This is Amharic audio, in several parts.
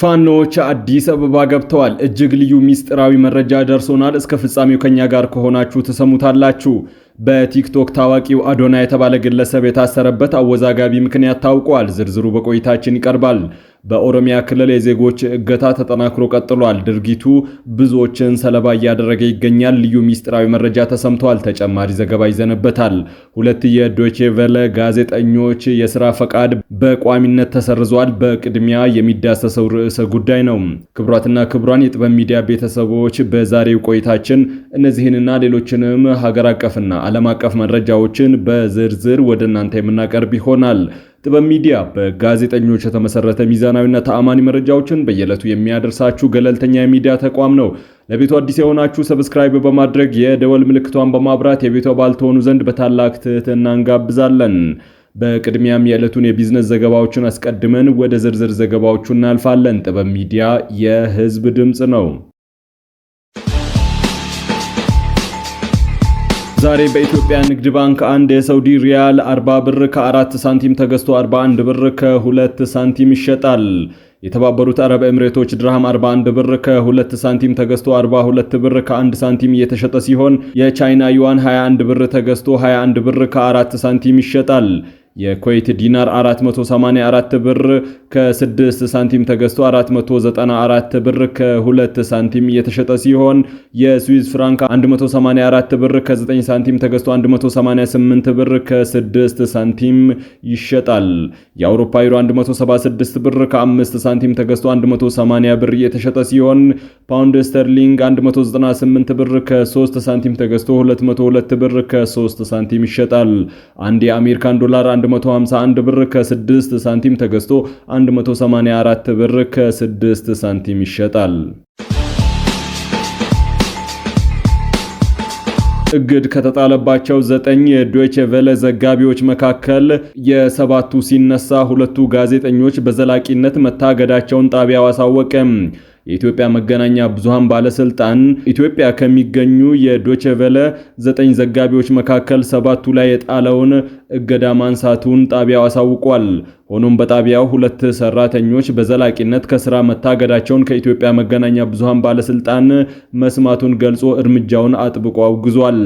ፋኖዎች አዲስ አበባ ገብተዋል። እጅግ ልዩ ሚስጥራዊ መረጃ ደርሶናል። እስከ ፍጻሜው ከኛ ጋር ከሆናችሁ ትሰሙታላችሁ። በቲክቶክ ታዋቂው አዶና የተባለ ግለሰብ የታሰረበት አወዛጋቢ ምክንያት ታውቋል። ዝርዝሩ በቆይታችን ይቀርባል። በኦሮሚያ ክልል የዜጎች እገታ ተጠናክሮ ቀጥሏል። ድርጊቱ ብዙዎችን ሰለባ እያደረገ ይገኛል። ልዩ ሚስጥራዊ መረጃ ተሰምተዋል። ተጨማሪ ዘገባ ይዘንበታል። ሁለት የዶቼ ቨለ ጋዜጠኞች የስራ ፈቃድ በቋሚነት ተሰርዟል። በቅድሚያ የሚዳሰሰው ርዕሰ ጉዳይ ነው። ክቡራትና ክቡራን የጥበብ ሚዲያ ቤተሰቦች በዛሬው ቆይታችን እነዚህንና ሌሎችንም ሀገር አቀፍና ዓለም አቀፍ መረጃዎችን በዝርዝር ወደ እናንተ የምናቀርብ ይሆናል። ጥበብ ሚዲያ በጋዜጠኞች የተመሰረተ ሚዛናዊና ተአማኒ መረጃዎችን በየዕለቱ የሚያደርሳችሁ ገለልተኛ የሚዲያ ተቋም ነው። ለቤቱ አዲስ የሆናችሁ ሰብስክራይብ በማድረግ የደወል ምልክቷን በማብራት የቤቱ አባል ትሆኑ ዘንድ በታላቅ ትህትና እንጋብዛለን። በቅድሚያም የዕለቱን የቢዝነስ ዘገባዎችን አስቀድመን ወደ ዝርዝር ዘገባዎቹ እናልፋለን። ጥበብ ሚዲያ የህዝብ ድምፅ ነው። ዛሬ በኢትዮጵያ ንግድ ባንክ አንድ የሳውዲ ሪያል 40 ብር ከ4 ሳንቲም ተገዝቶ 41 ብር ከ2 ሳንቲም ይሸጣል። የተባበሩት አረብ ኤምሬቶች ድርሃም 41 ብር ከ2 ሳንቲም ተገዝቶ 42 ብር ከ1 ሳንቲም እየተሸጠ ሲሆን የቻይና ዩዋን 21 ብር ተገዝቶ 21 ብር ከ4 ሳንቲም ይሸጣል። የኩዌት ዲናር 484 ብር ከ6 ሳንቲም ተገዝቶ 494 ብር ከ2 ሳንቲም እየተሸጠ ሲሆን የስዊዝ ፍራንክ 184 ብር ከ9 ሳንቲም ተገዝቶ 188 ብር ከ6 ሳንቲም ይሸጣል። የአውሮፓ ዩሮ 176 ብር ከ5 ሳንቲም ተገዝቶ 180 ብር የተሸጠ ሲሆን ፓውንድ ስተርሊንግ 198 ብር ከ3 ሳንቲም ተገዝቶ 202 ብር ከ3 ሳንቲም ይሸጣል። አንድ የአሜሪካን ዶላር 151 ብር ከ6 ሳንቲም ተገዝቶ 184 ብር ከ6 ሳንቲም ይሸጣል። እግድ ከተጣለባቸው ዘጠኝ የዶይቼ ቬለ ዘጋቢዎች መካከል የሰባቱ ሲነሳ ሁለቱ ጋዜጠኞች በዘላቂነት መታገዳቸውን ጣቢያው አሳወቀ። የኢትዮጵያ መገናኛ ብዙሃን ባለስልጣን ኢትዮጵያ ከሚገኙ የዶቸቨለ ዘጠኝ ዘጋቢዎች መካከል ሰባቱ ላይ የጣለውን እገዳ ማንሳቱን ጣቢያው አሳውቋል። ሆኖም በጣቢያው ሁለት ሰራተኞች በዘላቂነት ከስራ መታገዳቸውን ከኢትዮጵያ መገናኛ ብዙሃን ባለስልጣን መስማቱን ገልጾ እርምጃውን አጥብቆ አውግዟል።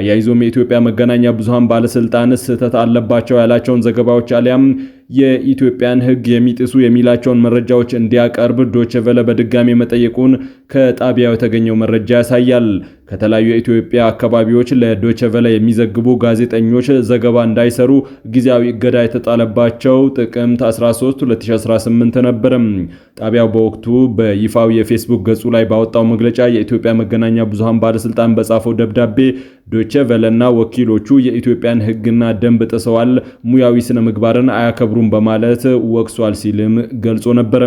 አያይዞም የኢትዮጵያ መገናኛ ብዙሃን ባለስልጣን ስህተት አለባቸው ያላቸውን ዘገባዎች አሊያም የኢትዮጵያን ሕግ የሚጥሱ የሚላቸውን መረጃዎች እንዲያቀርብ ዶቸቨለ በድጋሚ መጠየቁን ከጣቢያው የተገኘው መረጃ ያሳያል። ከተለያዩ የኢትዮጵያ አካባቢዎች ለዶቼ ቬለ የሚዘግቡ ጋዜጠኞች ዘገባ እንዳይሰሩ ጊዜያዊ እገዳ የተጣለባቸው ጥቅምት 13 2018 ነበረም። ጣቢያው በወቅቱ በይፋዊ የፌስቡክ ገጹ ላይ ባወጣው መግለጫ የኢትዮጵያ መገናኛ ብዙሃን ባለስልጣን በጻፈው ደብዳቤ ዶቼ ቬለና ወኪሎቹ የኢትዮጵያን ሕግና ደንብ ጥሰዋል፣ ሙያዊ ስነ ምግባርን አያከብሩም በማለት ወቅሷል ሲልም ገልጾ ነበር።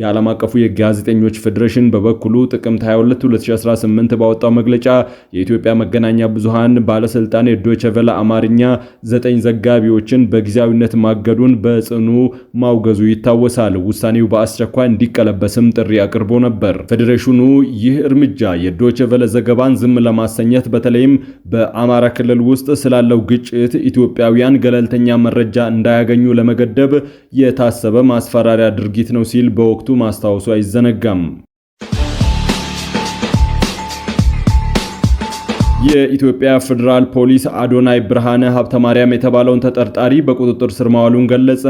የዓለም አቀፉ የጋዜጠኞች ፌዴሬሽን በበኩሉ ጥቅምት 22 2018 ባወጣው መግለጫ የኢትዮጵያ መገናኛ ብዙሃን ባለስልጣን የዶቸቨለ አማርኛ ዘጠኝ ዘጋቢዎችን በጊዜያዊነት ማገዱን በጽኑ ማውገዙ ይታወሳል። ውሳኔው በአስቸኳይ እንዲቀለበስም ጥሪ አቅርቦ ነበር። ፌዴሬሽኑ ይህ እርምጃ የዶቸቨለ ዘገባን ዝም ለማሰኘት በተለይም በአማራ ክልል ውስጥ ስላለው ግጭት ኢትዮጵያውያን ገለልተኛ መረጃ እንዳያገኙ ለመገደብ የታሰበ ማስፈራሪያ ድርጊት ነው ሲል በወቅቱ በወቅቱ ማስታወሱ አይዘነጋም። የኢትዮጵያ ፌዴራል ፖሊስ አዶናይ ብርሃነ ሀብተማርያም የተባለውን ተጠርጣሪ በቁጥጥር ስር ማዋሉን ገለጸ።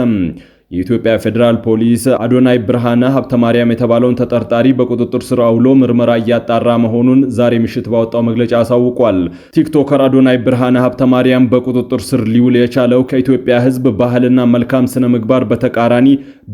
የኢትዮጵያ ፌዴራል ፖሊስ አዶናይ ብርሃነ ሀብተ ማርያም የተባለውን ተጠርጣሪ በቁጥጥር ስር አውሎ ምርመራ እያጣራ መሆኑን ዛሬ ምሽት ባወጣው መግለጫ አሳውቋል። ቲክቶከር አዶናይ ብርሃነ ሀብተ ማርያም በቁጥጥር ስር ሊውል የቻለው ከኢትዮጵያ ሕዝብ ባህልና መልካም ስነ ምግባር በተቃራኒ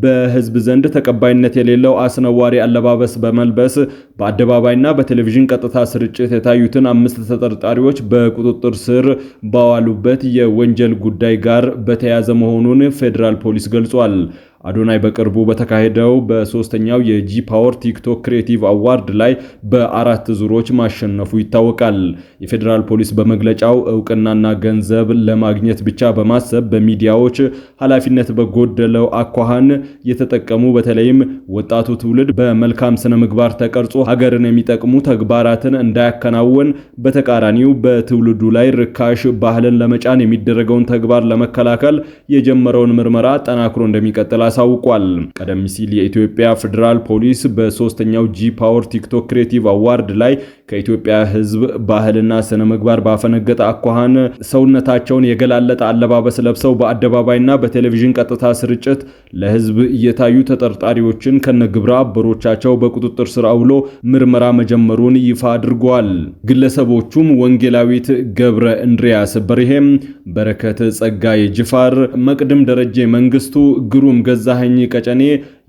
በሕዝብ ዘንድ ተቀባይነት የሌለው አስነዋሪ አለባበስ በመልበስ በአደባባይና በቴሌቪዥን ቀጥታ ስርጭት የታዩትን አምስት ተጠርጣሪዎች በቁጥጥር ስር ባዋሉበት የወንጀል ጉዳይ ጋር በተያያዘ መሆኑን ፌዴራል ፖሊስ ገልጿል። قال አዶናይ በቅርቡ በተካሄደው በሶስተኛው የጂ ፓወር ቲክቶክ ክሬቲቭ አዋርድ ላይ በአራት ዙሮች ማሸነፉ ይታወቃል። የፌዴራል ፖሊስ በመግለጫው እውቅናና ገንዘብ ለማግኘት ብቻ በማሰብ በሚዲያዎች ኃላፊነት በጎደለው አኳኋን የተጠቀሙ በተለይም ወጣቱ ትውልድ በመልካም ስነ ምግባር ተቀርጾ ሀገርን የሚጠቅሙ ተግባራትን እንዳያከናውን፣ በተቃራኒው በትውልዱ ላይ ርካሽ ባህልን ለመጫን የሚደረገውን ተግባር ለመከላከል የጀመረውን ምርመራ ጠናክሮ እንደሚቀጥል አሳውቋል። ቀደም ሲል የኢትዮጵያ ፌዴራል ፖሊስ በሶስተኛው ጂ ፓወር ቲክቶክ ክሬቲቭ አዋርድ ላይ ከኢትዮጵያ ሕዝብ ባህልና ስነ ምግባር ባፈነገጠ አኳኋን ሰውነታቸውን የገላለጠ አለባበስ ለብሰው በአደባባይና በቴሌቪዥን ቀጥታ ስርጭት ለሕዝብ እየታዩ ተጠርጣሪዎችን ከነግብረ አበሮቻቸው በቁጥጥር ስር አውሎ ምርመራ መጀመሩን ይፋ አድርጓል። ግለሰቦቹም ወንጌላዊት ገብረ እንድሪያስ በርሄም፣ በረከት ጸጋዬ ጅፋር፣ መቅድም ደረጀ መንግስቱ፣ ግሩም ገ ገዛኸኝ ቀጨኔ፣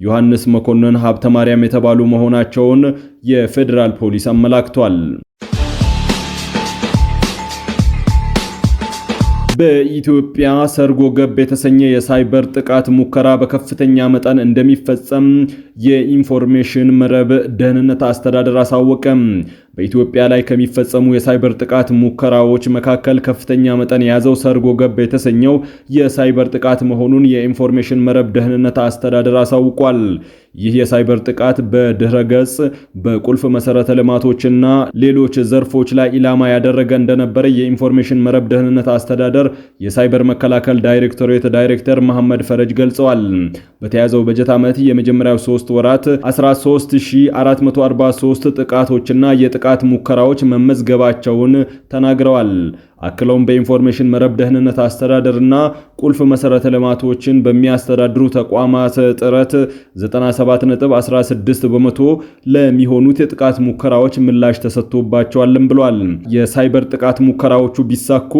ዮሐንስ መኮንን ሀብተ ማርያም የተባሉ መሆናቸውን የፌዴራል ፖሊስ አመላክቷል። በኢትዮጵያ ሰርጎ ገብ የተሰኘ የሳይበር ጥቃት ሙከራ በከፍተኛ መጠን እንደሚፈጸም የኢንፎርሜሽን መረብ ደህንነት አስተዳደር አሳወቀም። በኢትዮጵያ ላይ ከሚፈጸሙ የሳይበር ጥቃት ሙከራዎች መካከል ከፍተኛ መጠን የያዘው ሰርጎ ገብ የተሰኘው የሳይበር ጥቃት መሆኑን የኢንፎርሜሽን መረብ ደህንነት አስተዳደር አሳውቋል። ይህ የሳይበር ጥቃት በድህረ ገጽ፣ በቁልፍ መሰረተ ልማቶችና ሌሎች ዘርፎች ላይ ኢላማ ያደረገ እንደነበረ የኢንፎርሜሽን መረብ ደህንነት አስተዳደር የሳይበር መከላከል ዳይሬክቶሬት ዳይሬክተር መሐመድ ፈረጅ ገልጸዋል። በተያዘው በጀት ዓመት የመጀመሪያው ሶስት ወራት 13443 ጥቃቶችና የጥቃት የጥቃት ሙከራዎች መመዝገባቸውን ተናግረዋል። አክለውም በኢንፎርሜሽን መረብ ደህንነት አስተዳደርና ቁልፍ መሰረተ ልማቶችን በሚያስተዳድሩ ተቋማት ጥረት 97.16 በመቶ ለሚሆኑት የጥቃት ሙከራዎች ምላሽ ተሰጥቶባቸዋልም ብሏል። የሳይበር ጥቃት ሙከራዎቹ ቢሳኩ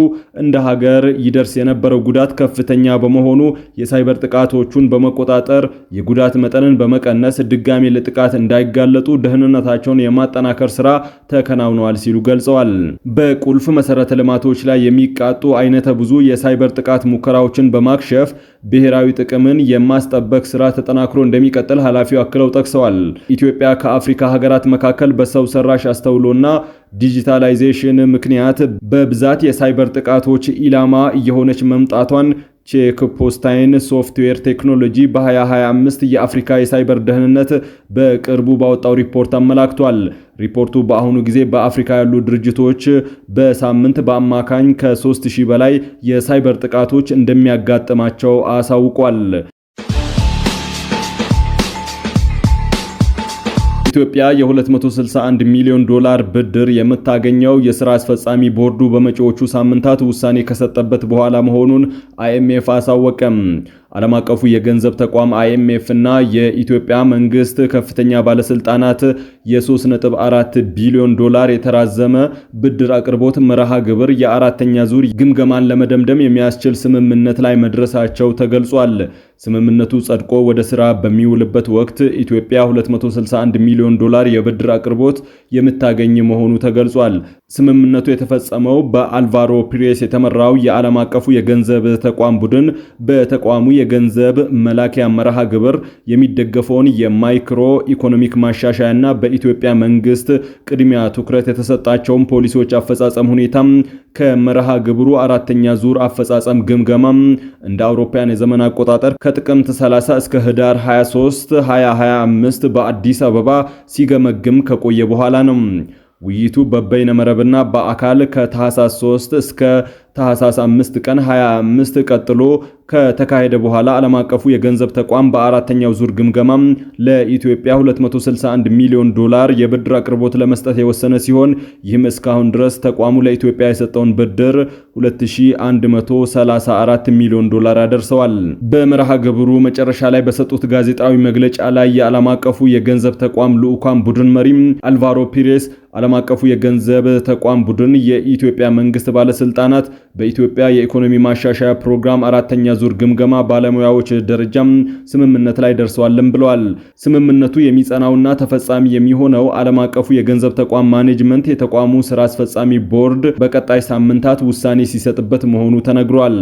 እንደ ሀገር ይደርስ የነበረው ጉዳት ከፍተኛ በመሆኑ የሳይበር ጥቃቶቹን በመቆጣጠር የጉዳት መጠንን በመቀነስ ድጋሜ ለጥቃት እንዳይጋለጡ ደህንነታቸውን የማጠናከር ስራ ተከናውነዋል ሲሉ ገልጸዋል። በቁልፍ መሰረተ ልማቶች ግዛቶች ላይ የሚቃጡ አይነተ ብዙ የሳይበር ጥቃት ሙከራዎችን በማክሸፍ ብሔራዊ ጥቅምን የማስጠበቅ ስራ ተጠናክሮ እንደሚቀጥል ኃላፊው አክለው ጠቅሰዋል። ኢትዮጵያ ከአፍሪካ ሀገራት መካከል በሰው ሰራሽ አስተውሎና ዲጂታላይዜሽን ምክንያት በብዛት የሳይበር ጥቃቶች ኢላማ እየሆነች መምጣቷን ቼክፖስታይን ሶፍትዌር ቴክኖሎጂ በ2025 የአፍሪካ የሳይበር ደህንነት በቅርቡ ባወጣው ሪፖርት አመላክቷል። ሪፖርቱ በአሁኑ ጊዜ በአፍሪካ ያሉ ድርጅቶች በሳምንት በአማካኝ ከ3000 በላይ የሳይበር ጥቃቶች እንደሚያጋጥማቸው አሳውቋል። ኢትዮጵያ የ261 ሚሊዮን ዶላር ብድር የምታገኘው የስራ አስፈጻሚ ቦርዱ በመጪዎቹ ሳምንታት ውሳኔ ከሰጠበት በኋላ መሆኑን አይኤምኤፍ አሳወቀም። ዓለም አቀፉ የገንዘብ ተቋም አይኤምኤፍ እና የኢትዮጵያ መንግስት ከፍተኛ ባለስልጣናት የ3.4 ቢሊዮን ዶላር የተራዘመ ብድር አቅርቦት መርሃ ግብር የአራተኛ ዙር ግምገማን ለመደምደም የሚያስችል ስምምነት ላይ መድረሳቸው ተገልጿል። ስምምነቱ ጸድቆ ወደ ስራ በሚውልበት ወቅት ኢትዮጵያ 261 ሚሊዮን ዶላር የብድር አቅርቦት የምታገኝ መሆኑ ተገልጿል። ስምምነቱ የተፈጸመው በአልቫሮ ፒሬስ የተመራው የዓለም አቀፉ የገንዘብ ተቋም ቡድን በተቋሙ የገንዘብ መላኪያ መርሃ ግብር የሚደገፈውን የማይክሮ ኢኮኖሚክ ማሻሻያና በኢትዮጵያ መንግስት ቅድሚያ ትኩረት የተሰጣቸውን ፖሊሲዎች አፈጻጸም ሁኔታ ከመርሃ ግብሩ አራተኛ ዙር አፈጻጸም ግምገማ እንደ አውሮፓያን የዘመን አቆጣጠር ከጥቅምት 30 እስከ ህዳር 23 2025 በአዲስ አበባ ሲገመግም ከቆየ በኋላ ነው። ውይይቱ በበይነ መረብና በአካል ከታህሳስ 3 እስከ ታህሳስ 5 ቀን 25 ቀጥሎ ከተካሄደ በኋላ ዓለም አቀፉ የገንዘብ ተቋም በአራተኛው ዙር ግምገማ ለኢትዮጵያ 261 ሚሊዮን ዶላር የብድር አቅርቦት ለመስጠት የወሰነ ሲሆን ይህም እስካሁን ድረስ ተቋሙ ለኢትዮጵያ የሰጠውን ብድር 2134 ሚሊዮን ዶላር ያደርሰዋል። በመርሃ ግብሩ መጨረሻ ላይ በሰጡት ጋዜጣዊ መግለጫ ላይ የዓለም አቀፉ የገንዘብ ተቋም ልዑካን ቡድን መሪም አልቫሮ ፒሬስ ዓለም አቀፉ የገንዘብ ተቋም ቡድን የኢትዮጵያ መንግስት ባለስልጣናት በኢትዮጵያ የኢኮኖሚ ማሻሻያ ፕሮግራም አራተኛ ዙር ግምገማ ባለሙያዎች ደረጃም ስምምነት ላይ ደርሰዋልም ብለዋል። ስምምነቱ የሚጸናውና ተፈጻሚ የሚሆነው ዓለም አቀፉ የገንዘብ ተቋም ማኔጅመንት የተቋሙ ስራ አስፈጻሚ ቦርድ በቀጣይ ሳምንታት ውሳኔ ሲሰጥበት መሆኑ ተነግሯል።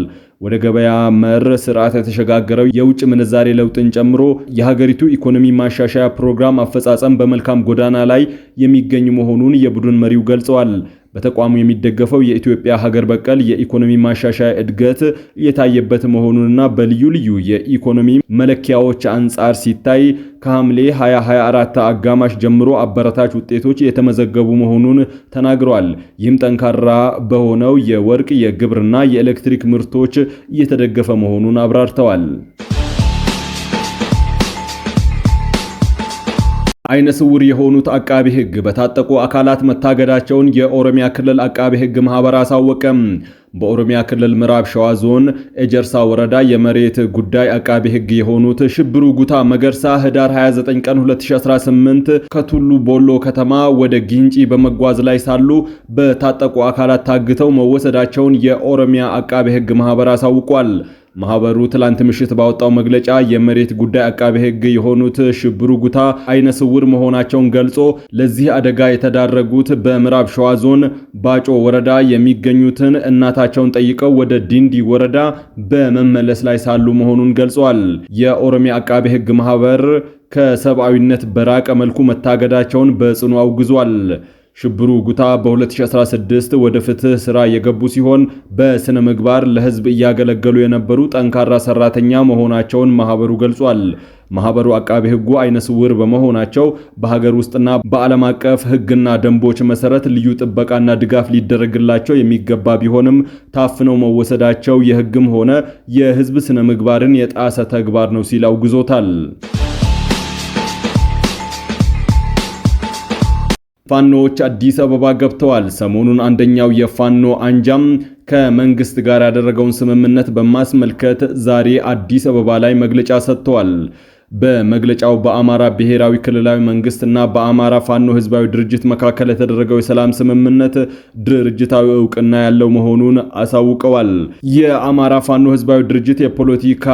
ወደ ገበያ መር ስርዓት የተሸጋገረው የውጭ ምንዛሬ ለውጥን ጨምሮ የሀገሪቱ ኢኮኖሚ ማሻሻያ ፕሮግራም አፈጻጸም በመልካም ጎዳና ላይ የሚገኝ መሆኑን የቡድን መሪው ገልጸዋል። በተቋሙ የሚደገፈው የኢትዮጵያ ሀገር በቀል የኢኮኖሚ ማሻሻያ እድገት እየታየበት መሆኑንና በልዩ ልዩ የኢኮኖሚ መለኪያዎች አንጻር ሲታይ ከሐምሌ 2024 አጋማሽ ጀምሮ አበረታች ውጤቶች የተመዘገቡ መሆኑን ተናግረዋል። ይህም ጠንካራ በሆነው የወርቅ፣ የግብርና፣ የኤሌክትሪክ ምርቶች እየተደገፈ መሆኑን አብራርተዋል። አይነ ስውር የሆኑት አቃቢ ህግ በታጠቁ አካላት መታገዳቸውን የኦሮሚያ ክልል አቃቢ ህግ ማህበር አሳወቀም። በኦሮሚያ ክልል ምዕራብ ሸዋ ዞን ኤጀርሳ ወረዳ የመሬት ጉዳይ አቃቢ ህግ የሆኑት ሽብሩ ጉታ መገርሳ ህዳር 29 ቀን 2018 ከቱሉ ቦሎ ከተማ ወደ ጊንጪ በመጓዝ ላይ ሳሉ በታጠቁ አካላት ታግተው መወሰዳቸውን የኦሮሚያ አቃቢ ህግ ማህበር አሳውቋል። ማህበሩ ትላንት ምሽት ባወጣው መግለጫ የመሬት ጉዳይ አቃቤ ሕግ የሆኑት ሽብሩ ጉታ አይነ ስውር መሆናቸውን ገልጾ ለዚህ አደጋ የተዳረጉት በምዕራብ ሸዋ ዞን ባጮ ወረዳ የሚገኙትን እናታቸውን ጠይቀው ወደ ዲንዲ ወረዳ በመመለስ ላይ ሳሉ መሆኑን ገልጿል። የኦሮሚያ አቃቤ ሕግ ማህበር ከሰብአዊነት በራቀ መልኩ መታገዳቸውን በጽኑ አውግዟል። ሽብሩ ጉታ በ2016 ወደ ፍትህ ስራ የገቡ ሲሆን በስነ ምግባር ለህዝብ እያገለገሉ የነበሩ ጠንካራ ሰራተኛ መሆናቸውን ማህበሩ ገልጿል። ማህበሩ አቃቤ ህጉ አይነ ስውር በመሆናቸው በሀገር ውስጥና በዓለም አቀፍ ህግና ደንቦች መሰረት ልዩ ጥበቃና ድጋፍ ሊደረግላቸው የሚገባ ቢሆንም ታፍነው መወሰዳቸው የህግም ሆነ የህዝብ ስነ ምግባርን የጣሰ ተግባር ነው ሲል አውግዞታል። ፋኖዎች አዲስ አበባ ገብተዋል። ሰሞኑን አንደኛው የፋኖ አንጃም ከመንግስት ጋር ያደረገውን ስምምነት በማስመልከት ዛሬ አዲስ አበባ ላይ መግለጫ ሰጥተዋል። በመግለጫው በአማራ ብሔራዊ ክልላዊ መንግስትና በአማራ ፋኖ ህዝባዊ ድርጅት መካከል የተደረገው የሰላም ስምምነት ድርጅታዊ እውቅና ያለው መሆኑን አሳውቀዋል። የአማራ ፋኖ ህዝባዊ ድርጅት የፖለቲካ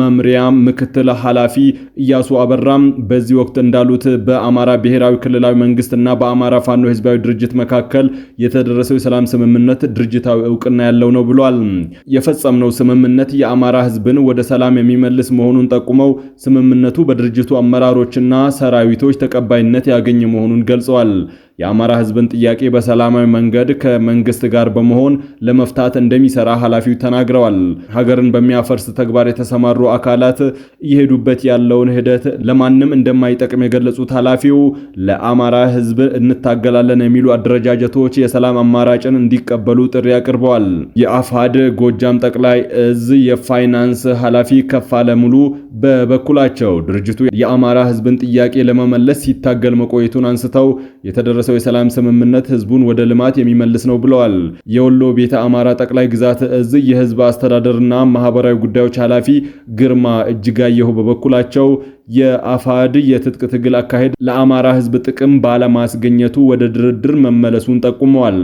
መምሪያ ምክትል ኃላፊ እያሱ አበራም በዚህ ወቅት እንዳሉት በአማራ ብሔራዊ ክልላዊ መንግስትና በአማራ ፋኖ ህዝባዊ ድርጅት መካከል የተደረሰው የሰላም ስምምነት ድርጅታዊ እውቅና ያለው ነው ብሏል። የፈጸምነው ስምምነት የአማራ ህዝብን ወደ ሰላም የሚመልስ መሆኑን ጠቁመው ስምምነ ስምምነቱ በድርጅቱ አመራሮችና ሰራዊቶች ተቀባይነት ያገኘ መሆኑን ገልጸዋል። የአማራ ህዝብን ጥያቄ በሰላማዊ መንገድ ከመንግስት ጋር በመሆን ለመፍታት እንደሚሰራ ኃላፊው ተናግረዋል። ሀገርን በሚያፈርስ ተግባር የተሰማሩ አካላት እየሄዱበት ያለውን ሂደት ለማንም እንደማይጠቅም የገለጹት ኃላፊው ለአማራ ህዝብ እንታገላለን የሚሉ አደረጃጀቶች የሰላም አማራጭን እንዲቀበሉ ጥሪ አቅርበዋል። የአፋድ ጎጃም ጠቅላይ እዝ የፋይናንስ ኃላፊ ከፋለ ሙሉ በበኩላቸው ድርጅቱ የአማራ ህዝብን ጥያቄ ለመመለስ ሲታገል መቆየቱን አንስተው የተደረሰ የተደረሰው የሰላም ስምምነት ህዝቡን ወደ ልማት የሚመልስ ነው ብለዋል። የወሎ ቤተ አማራ ጠቅላይ ግዛት እዝ የህዝብ አስተዳደርና ማህበራዊ ጉዳዮች ኃላፊ ግርማ እጅጋየሁ በበኩላቸው የአፋድ የትጥቅ ትግል አካሄድ ለአማራ ህዝብ ጥቅም ባለማስገኘቱ ወደ ድርድር መመለሱን ጠቁመዋል።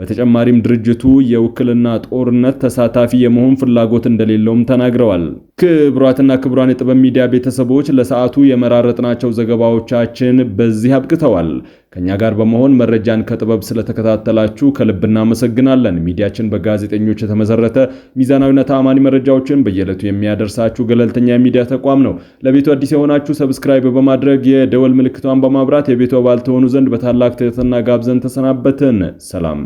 በተጨማሪም ድርጅቱ የውክልና ጦርነት ተሳታፊ የመሆን ፍላጎት እንደሌለውም ተናግረዋል። ክቡራትና ክቡራን የጥበብ ሚዲያ ቤተሰቦች ለሰዓቱ የመራረጥናቸው ዘገባዎቻችን በዚህ አብቅተዋል። ከእኛ ጋር በመሆን መረጃን ከጥበብ ስለተከታተላችሁ ከልብ እናመሰግናለን። ሚዲያችን በጋዜጠኞች የተመሰረተ ሚዛናዊና ተአማኒ መረጃዎችን በየዕለቱ የሚያደርሳችሁ ገለልተኛ የሚዲያ ተቋም ነው። ለቤቱ አዲስ የሆናችሁ ሰብስክራይብ በማድረግ የደወል ምልክቷን በማብራት የቤቱ አባል ትሆኑ ዘንድ በታላቅ ትህትና ጋብዘን ተሰናበትን። ሰላም